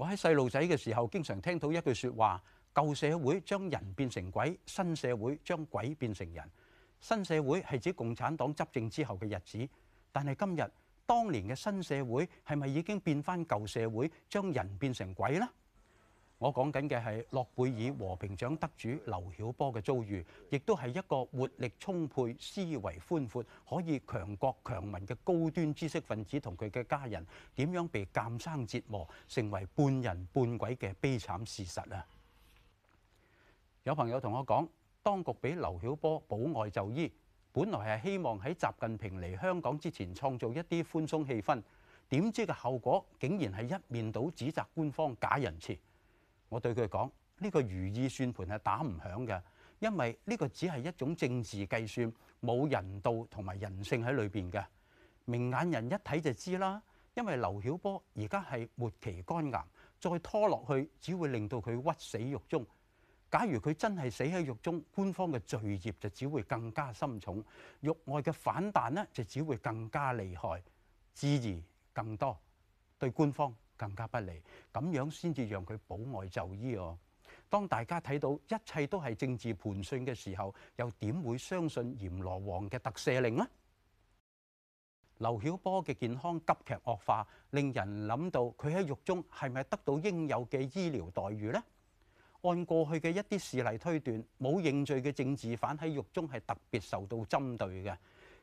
我喺細路仔嘅時候，經常聽到一句說話：舊社會將人變成鬼，新社會將鬼變成人。新社會係指共產黨執政之後嘅日子，但係今日當年嘅新社會係咪已經變翻舊社會，將人變成鬼呢？我講緊嘅係諾貝爾和平獎得主劉曉波嘅遭遇，亦都係一個活力充沛、思維寬闊、可以強國強民嘅高端知識分子同佢嘅家人點樣被監生折磨，成為半人半鬼嘅悲慘事實啊！有朋友同我講，當局俾劉曉波保外就醫，本來係希望喺習近平嚟香港之前創造一啲寬鬆氣氛，點知嘅後果竟然係一面倒指責官方假仁慈。我對佢講：呢個如意算盤係打唔響嘅，因為呢個只係一種政治計算，冇人道同埋人性喺裏邊嘅。明眼人一睇就知啦，因為劉曉波而家係末期肝癌，再拖落去只會令到佢屈死獄中。假如佢真係死喺獄中，官方嘅罪孽就只會更加深重，獄外嘅反彈呢就只會更加厲害，質疑更多對官方。更加不利，咁樣先至讓佢保外就醫喎。當大家睇到一切都係政治盤算嘅時候，又點會相信閻羅王嘅特赦令呢？劉曉波嘅健康急劇惡化，令人諗到佢喺獄中係咪得到應有嘅醫療待遇呢？按過去嘅一啲事例推斷，冇認罪嘅政治犯喺獄中係特別受到針對嘅。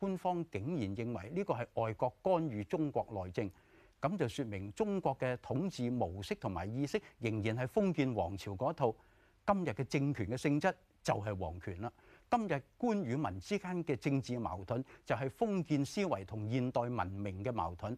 官方竟然認為呢個係外國干預中國內政，咁就説明中國嘅統治模式同埋意識仍然係封建皇朝嗰套。今日嘅政權嘅性質就係皇權啦。今日官與民之間嘅政治矛盾就係封建思維同現代文明嘅矛盾。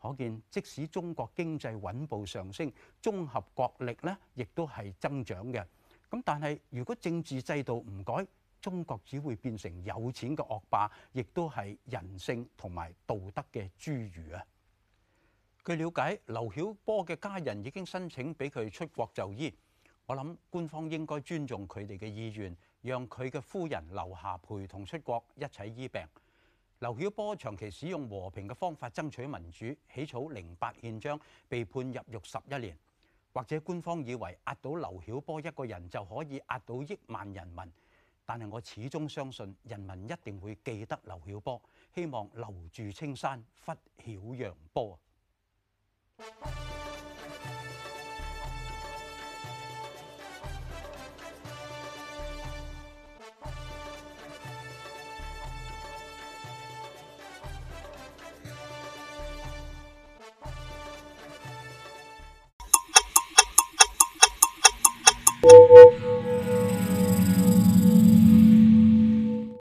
可見，即使中國經濟穩步上升，綜合國力咧亦都係增長嘅。咁但係如果政治制度唔改，中國只會變成有錢嘅惡霸，亦都係人性同埋道德嘅侏儒啊！據了解，劉曉波嘅家人已經申請俾佢出國就醫。我諗官方應該尊重佢哋嘅意願，讓佢嘅夫人劉霞陪同出國一齊醫病。劉曉波長期使用和平嘅方法爭取民主，起草《零八憲章》，被判入獄十一年。或者官方以為壓到劉曉波一個人就可以壓到億萬人民。但係我始終相信，人民一定會記得劉曉波，希望留住青山，拂曉陽波。